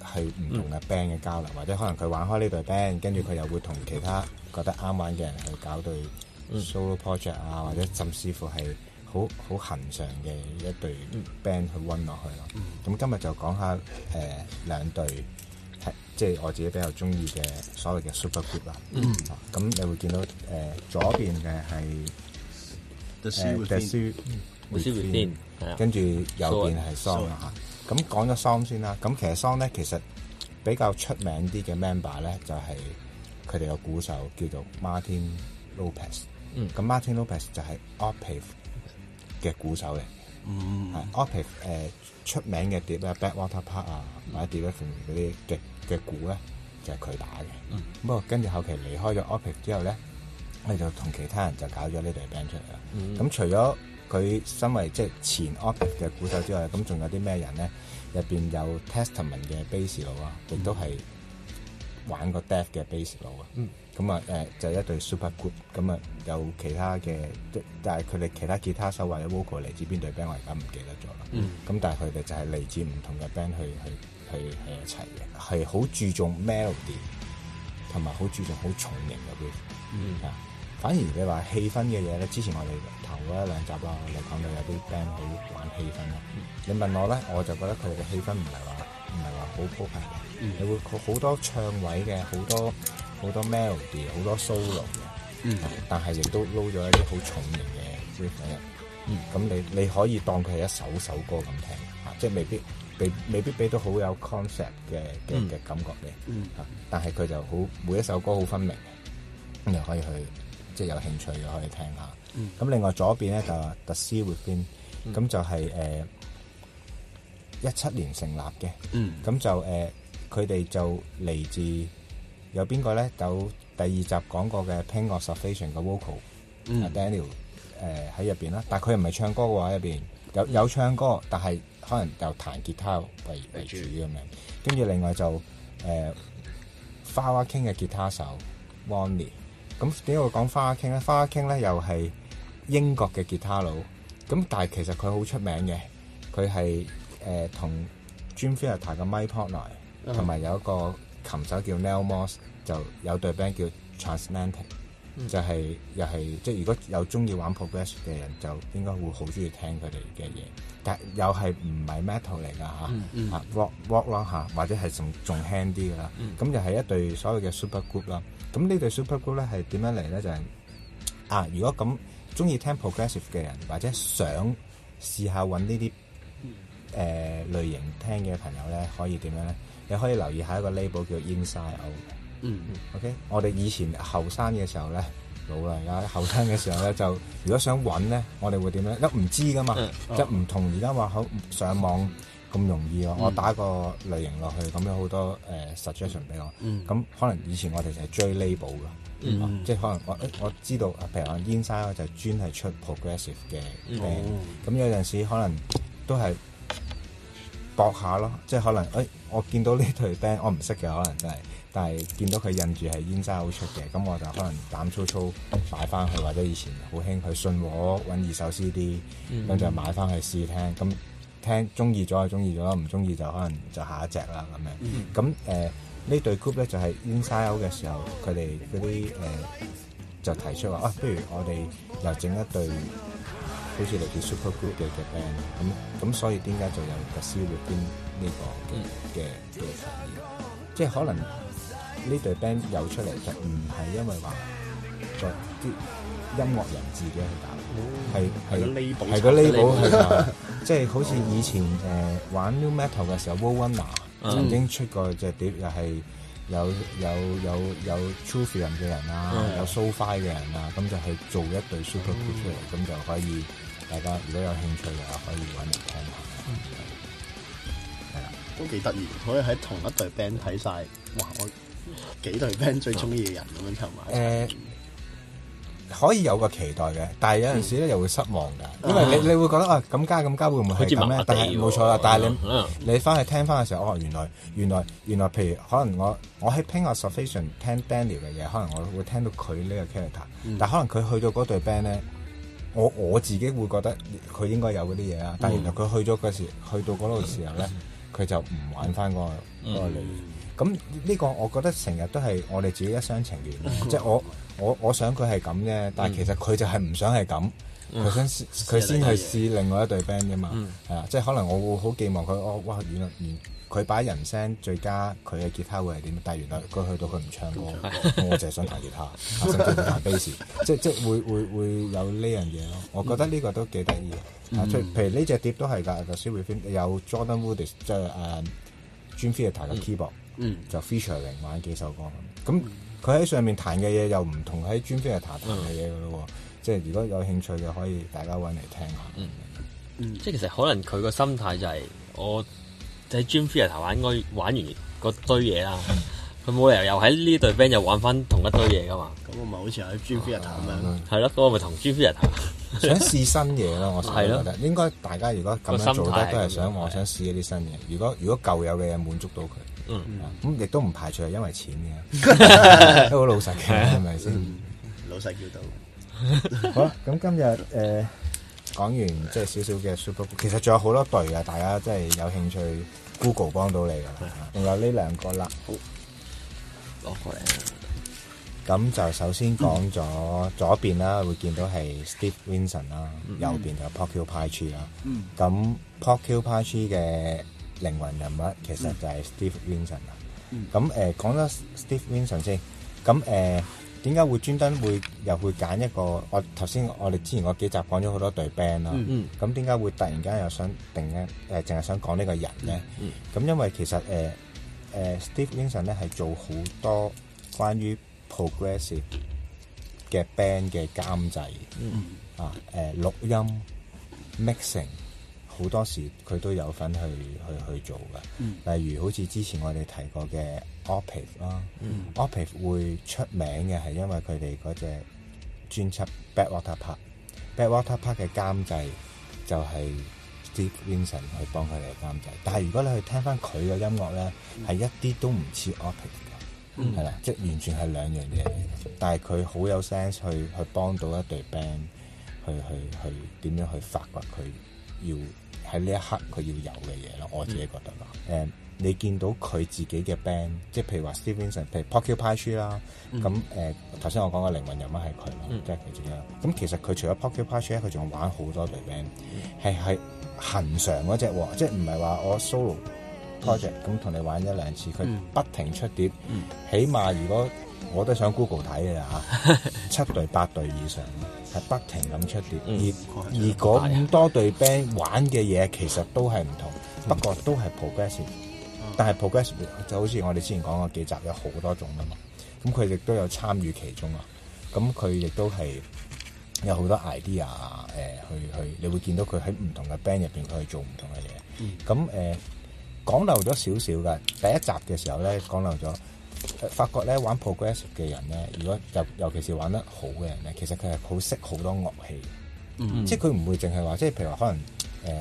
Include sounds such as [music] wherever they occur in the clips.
係唔同嘅 band 嘅交流，或者可能佢玩開呢對 band，跟住佢又會同其他覺得啱玩嘅人去搞對 solo project 啊，或者甚至乎係好好恒常嘅一隊 band、嗯、去溫落去咯。咁、嗯、今日就講下誒兩隊，即、呃、係、就是、我自己比較中意嘅所謂嘅 super group 啦。咁、嗯啊、你會見到誒、呃、左邊嘅係 The Sea Within，uh, the sea within, the sea within, uh, within yeah. 跟住右邊係 SOEN 啊。咁講咗 SOEN 先啦，咁其實 SOEN 咧其實比較出名啲嘅 member 咧就係佢哋個鼓手叫做 Martin Lopez。嗯，咁 Martin Lopez 就係 Opeth 嘅鼓手嚟嘅。嗯。係 Opeth 誒出名嘅碟咧 Blackwater Park 啊，嗯、或者碟咧，嗰啲嘅嘅鼓咧就係、是、佢打嘅。嗯。不過跟住後期離開咗 Opeth 之後咧，我哋就同其他人就搞咗呢隊 band 出嚟啦。咁、嗯、除咗佢身為即係前 Opeth 嘅鼓手之外，咁、嗯、仲有啲咩人咧？入邊有 Testament 嘅 Bass 佬啊，亦都係玩過 Death 嘅 Bass 佬啊。嗯。咁啊誒，就係、一隊 Super Gro、嗯、up 咁啊，有其他嘅，即但係佢哋其他吉他手或者 Vocal 嚟自邊隊 Band，我而家唔記得咗啦。咁、嗯、但係佢哋就係嚟自唔同嘅 Band 去去去喺一齊嘅，係好注重 Melody 同埋好注重好重型嗰邊、嗯。嗯啊。反而你話氣氛嘅嘢咧，之前我哋頭嗰一兩集，我哋講到有啲 band 好玩氣氛咯。嗯、你問我咧，我就覺得佢哋嘅氣氛唔係話唔係話好鋪排嘅。你、嗯、會好多唱位嘅，好多好多 melody，好多 solo 嘅。嗯、但係亦都撈咗一啲好重型嘅，即係咁。你你可以當佢係一首首歌咁聽，嚇、啊，即係未必俾未必俾到好有 concept 嘅嘅、嗯、感覺你，嗯、啊。但係佢就好每一首歌好分明嘅，咁又可以去。即係有興趣嘅可以聽下。咁、嗯、另外左邊咧就 The Sea Within，咁就係誒一七年成立嘅。咁、嗯、就誒佢哋就嚟自有邊個咧？有呢就第二集講過嘅 Pain of Salvation 嘅 Vocal，Daniel、嗯、誒、呃、喺入邊啦。但係佢唔係唱歌嘅話入邊有、嗯、有唱歌，但係可能就彈吉他為吉他為主咁樣。跟住另外就誒、呃、花花 King 嘅吉他手 w a n l y 咁點解我講花 king 咧？花 king 咧又係英國嘅吉他佬咁，但係其實佢好出名嘅，佢係誒同 Dream Theater 嘅 Mike Portnoy 同埋有一個琴手叫 Neal Morse 就有對 band 叫 Transatlantic。就係、是、又係即係，如果有中意玩 progressive 嘅人，就應該會好中意聽佢哋嘅嘢。但又係唔係 metal 嚟㗎嚇，rock rock 啦、啊、嚇，或者係仲仲輕啲㗎啦。咁就係一對所謂嘅 super group 啦、啊。咁呢對 super group 咧係點樣嚟咧？就係、是、啊，如果咁中意聽 progressive 嘅人，或者想試下揾呢啲誒類型聽嘅朋友咧，可以點樣咧？你可以留意下一個 label 叫 Inside Out。嗯嗯、mm hmm.，OK。我哋以前後生嘅時候咧，老啦。有後生嘅時候咧，就如果想揾咧，我哋會點咧？一唔知噶嘛，一唔同而家話好上網咁容易咯、啊。Mm hmm. 我打個類型落去，咁有好多誒、呃、suggestion 俾、mm hmm. 我。咁可能以前我哋就係追 label 噶、mm hmm. 啊，即係可能我、欸、我知道，譬如話燕沙嗰就專係出 progressive 嘅 b a，咁有陣時可能都係搏下咯，即係可能誒、欸、我見到呢隊 band 我唔識嘅，可能真係。但係見到佢印住係 Inside Out 出嘅，咁我就可能膽粗粗買翻去，或者以前好興佢信和揾二手 CD，跟住就、mm hmm. 買翻去試聽，咁聽中意咗就中意咗啦，唔中意就可能就下一隻啦咁樣。咁誒呢對 group 咧就係 Inside Out 嘅時候，佢哋嗰啲誒就提出話、啊，不如我哋又整一對，好似嚟自 Super Group 嘅嘅 band 咁，咁所以點解就有個銷量邊呢個嘅嘅嘅反應？即係可能。呢隊 band 又出嚟就唔係因為話做啲音樂人自己去打，係係個 label 係個 label 係，即係好似以前誒玩 new metal 嘅時候 Warner 曾經出過隻碟，又係有有有有 True Vision 嘅人啦，有 SoFi 嘅人啦，咁就去做一隊 super band 出嚟，咁就可以大家如果有興趣嘅話可以揾嚟聽下，係啦，都幾得意，可以喺同一隊 band 睇晒，哇！我～幾隊 band 最中意嘅人咁樣同埋，誒、呃，可以有個期待嘅，但係有陣時咧、嗯、又會失望噶，因為你、嗯、你會覺得啊，咁加咁加會唔會係咁咧？但係冇錯啦，錯啊、但係你、嗯、你翻去聽翻嘅時候，哦，原來原來原來，原來原來譬如可能我我喺 Pain of Salvation 聽 Daniel 嘅嘢，可能我會聽，嗯、聽到佢呢個 character，、嗯、但可能佢去到嗰隊 band 咧，我我自己會覺得佢應該有嗰啲嘢啊，但係原來佢去咗嗰時，去到嗰度時候咧，佢就唔玩翻嗰個個咁呢個我覺得成日都係我哋自己一廂情願，即係我我我想佢係咁啫，但係其實佢就係唔想係咁，佢想佢先去試另外一隊 band 啫嘛，係啊，即係可能我會好寄望佢，哦，哇，原來原佢把人聲最佳，佢嘅吉他會係點？但係原來佢去到佢唔唱歌，我淨係想彈吉他，甚至彈 bass，即係即係會會會有呢樣嘢咯。我覺得呢個都幾得意。啊，譬如呢隻碟都係㗎，The Sea Within 有 Jordan Rudess 即係誒，Dream Theater 嘅 keyboard。嗯，就 featuring 玩幾首歌咁，佢喺上面彈嘅嘢又唔同喺《Dream Theater》彈嘅嘢噶咯喎，即係如果有興趣嘅可以大家揾嚟聽下。嗯，即係其實可能佢個心態就係我喺《Dream Theater》玩嗰玩完嗰堆嘢啦，佢冇理由又喺呢隊 band 又玩翻同一堆嘢噶嘛。咁我咪好似喺《Dream Theater》咁樣。係咯，咁我咪同《Dream Theater》想試新嘢咯。我係咯，應該大家如果咁樣做都係想我想試一啲新嘢。如果如果舊有嘅嘢滿足到佢。嗯，咁亦都唔排除係因為錢嘅，都好老實嘅，係咪先？老實叫到好啦。咁今日誒講完即係少少嘅 Super，其實仲有好多隊啊！大家真係有興趣，Google 幫到你噶啦，仲有呢兩個啦。攞過嚟。咁就首先講咗左邊啦，會見到係 Steve Wilson 啦，右邊就 Porcupine Tree 啦。咁 Porcupine Tree 嘅。靈魂人物其實就係 Steve Wilson 啦。咁誒、嗯呃、講咗 Steve Wilson 先，咁誒點解會專登會又會揀一個？我頭先我哋之前嗰幾集講咗好多隊 band 啦、啊。咁點解會突然間又想定咧？誒，淨、呃、係想講呢個人咧？咁、嗯嗯、因為其實誒誒、呃呃、Steve Wilson 咧係做好多關於 progressive 嘅 band 嘅監製、嗯、啊，誒、呃、錄音 mixing。好多時佢都有份去去去做㗎。嗯、例如好似之前我哋提過嘅 Opeth 啦，Opeth 會出名嘅係因為佢哋嗰隻專輯《Blackwater Park》。《Blackwater Park》嘅監製就係 Steve Wilson 去幫佢哋監製。但係如果你去聽翻佢嘅音樂咧，係、嗯、一啲都唔似 Opeth 㗎，啦、嗯，即係完全係兩樣嘢。但係佢好有 sense 去去幫到一隊 band 去去去點樣去發掘佢要。喺呢一刻佢要有嘅嘢咯，我自己覺得咯。誒、嗯，uh, 你見到佢自己嘅 band，即係譬如話 Steven Wilson 譬如 Porcupine Tree、嗯、啦，咁誒頭先我講嘅靈魂人物係佢，嗯、即係佢自己。咁其實佢除咗 Porcupine Tree 佢仲玩好多隊 band，係係恒常嗰隻喎，即係唔係話我 solo project 咁同、嗯、你玩一兩次，佢不停出碟，嗯、起碼如果。我都想 Google 睇嘅啦嚇，七隊八隊以上，係不停咁出碟，而而嗰咁多隊 band 玩嘅嘢其實都係唔同，不過都係 progressive，但係 progressive 就好似我哋之前講過幾集有好多種啊嘛，咁佢亦都有參與其中啊，咁佢亦都係有好多 idea 誒去去，你會見到佢喺唔同嘅 band 入邊佢去做唔同嘅嘢，咁誒、呃、講漏咗少少嘅，第一集嘅時候咧講漏咗。發覺咧玩 progressive 嘅人咧，如果尤尤其是玩得好嘅人咧，其實佢係好識好多樂器，mm hmm. 即係佢唔會淨係話，即係譬如話可能誒、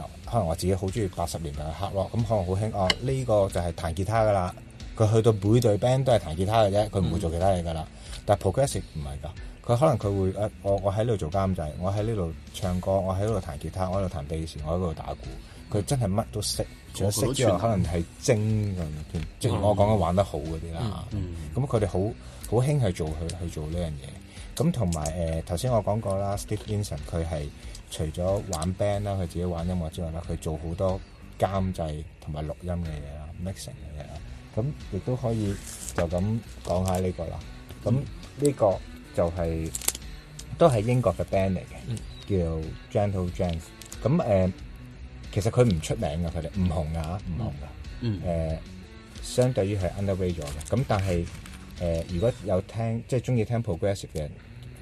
呃，可能我自己好中意八十年代嘅黑咯，咁可能好興哦，呢、呢個就係彈吉他噶啦，佢去到每隊 band 都係彈吉他嘅啫，佢唔會做其他嘢噶啦。Mm hmm. 但 progressive 唔係㗎，佢可能佢會誒、呃，我我喺呢度做監製，我喺呢度唱歌，我喺呢度彈吉他，我喺度彈 bass，我喺度打鼓。佢真係乜都識，仲有識可能係精咁樣，即係我講緊、mm hmm. 玩得好嗰啲啦。咁佢哋好好興去做佢去做呢樣嘢。咁同埋誒頭先我講過啦、mm hmm.，Steve Wilson 佢係除咗玩 band 啦，佢自己玩音樂之外啦，佢做好多監製同埋錄音嘅嘢啦，mixing 嘅嘢啦。咁亦都可以就咁講下呢個啦。咁呢、mm hmm. 個就係、是、都係英國嘅 band 嚟嘅，mm hmm. 叫 Gentle Giant 咁誒。呃其實佢唔出名㗎，佢哋唔紅啊，唔紅嗯，誒、呃，相對於係 underway 咗嘅。咁但係誒、呃，如果有聽即係中意聽 progressive 嘅人，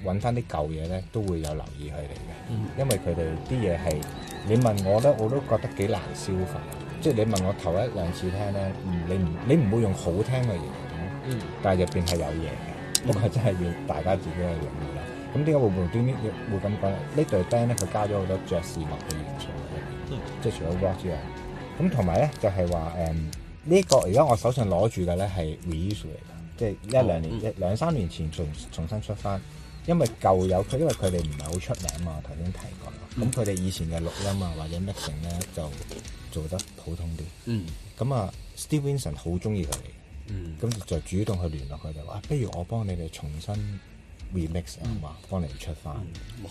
揾翻啲舊嘢咧，都會有留意佢哋嘅。嗯、因為佢哋啲嘢係你問我咧，我都覺得幾難消化。即、就、係、是、你問我頭一兩次聽咧、嗯，你唔你唔會用好聽嘅形容。嗯、但係入邊係有嘢嘅，不過真係要大家自己去融入啦。咁點解會無端端要會咁講？呢對 band 咧，佢加咗好多爵士樂嘅元素。即係除咗 rock 之外，咁同埋咧就係、是、話，誒、um, 呢個而家我手上攞住嘅咧係 reissue 嚟嘅，即係一、哦、兩年、嗯、一兩三年前重重新出翻，因為舊有佢，因為佢哋唔係好出名啊嘛，頭先提過，咁佢哋以前嘅錄音啊或者 mixing 咧就做得普通啲，嗯，咁啊、uh,，Steve Wilson 好中意佢哋，嗯，咁就主動去聯絡佢哋話，不如我幫你哋重新。remix 啊嘛，幫你出翻。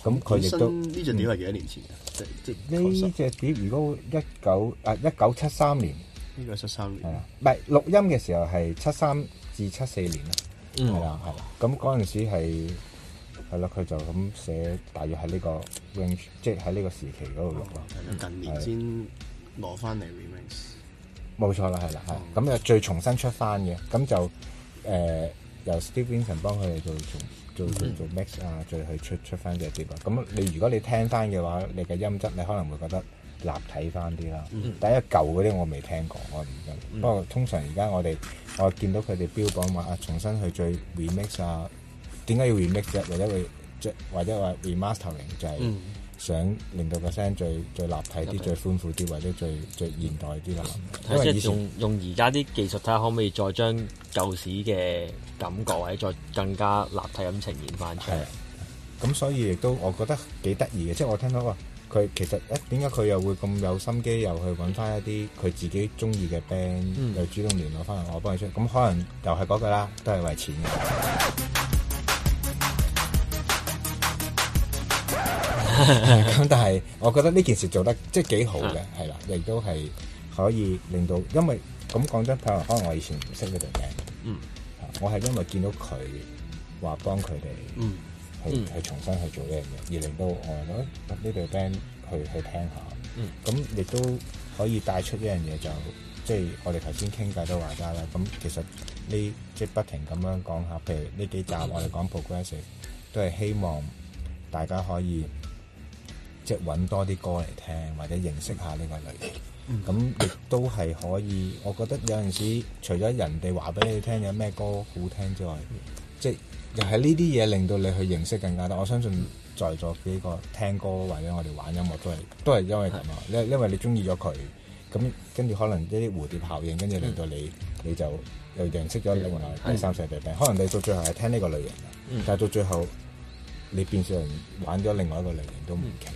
咁佢亦都呢隻碟係幾多年前？即即呢隻碟如果一九啊一九七三年，呢個係七三年。係啊，唔係錄音嘅時候係七三至七四年啊。係啊係啊。咁嗰陣時係係啦，佢就咁寫，大約喺呢個 range，即係喺呢個時期嗰度錄咯。近年先攞翻嚟 remix。冇錯啦，係啦，係。咁就再重新出翻嘅，咁就誒。S 由 Steve Wilson 幫佢哋做做做做，做，做 mix 啊，再去出出翻隻碟啊。咁你如果你聽翻嘅話，你嘅音質你可能會覺得立體翻啲啦。第、啊、一舊嗰啲我未聽過，我唔得。不過通常而家我哋我見到佢哋標榜話啊重新去再 remix 啊，點解要 remix 啫、啊？或者會即或者話 remastering 就係、是。嗯想令到個聲最最立體啲、明白。最寬闊啲，或者最最現代啲啦。即係用用而家啲技術睇下，可唔可以再將舊時嘅感覺，或者再更加立體咁呈現翻出嚟。咁所以亦都我覺得幾得意嘅，即係我聽到話佢其實欸點解佢又會咁有心機，又去揾翻一啲佢自己中意嘅 band，又、嗯、主動聯絡翻我幫佢出。咁可能又係嗰句啦，都係為錢。咁、 [laughs] 嗯、但係，我覺得呢件事做得即係幾好嘅，係啦、啊，亦都係可以令到，因為咁講真，可能我以前唔識呢對 band 嗯，啊、我係因為見到佢話幫佢哋，嗯，去去重新去做呢樣嘢，而令到我諗呢對 band 去去聽下，咁、嗯、亦都可以帶出一樣嘢，就即、是、係我哋頭先傾偈都話齋啦，咁其實你即係不停咁樣講下，譬如呢幾集我哋講 progressive，都係希望大家可以。即揾多啲歌嚟聽，或者認識下呢個類型。咁、嗯、亦都係可以。我覺得有陣時，除咗人哋話俾你聽有咩歌好聽之外，嗯、即又係呢啲嘢令到你去認識更加多。我相信在座幾個聽歌或者我哋玩音樂都係都係因為咁啊。因的因為你中意咗佢，咁跟住可能呢啲蝴蝶效應，跟住令到你你就又認識咗另外第三世界病。嗯、可能你到最後係聽呢個類型，嗯、但係到最後你變成玩咗另外一個類型都唔奇。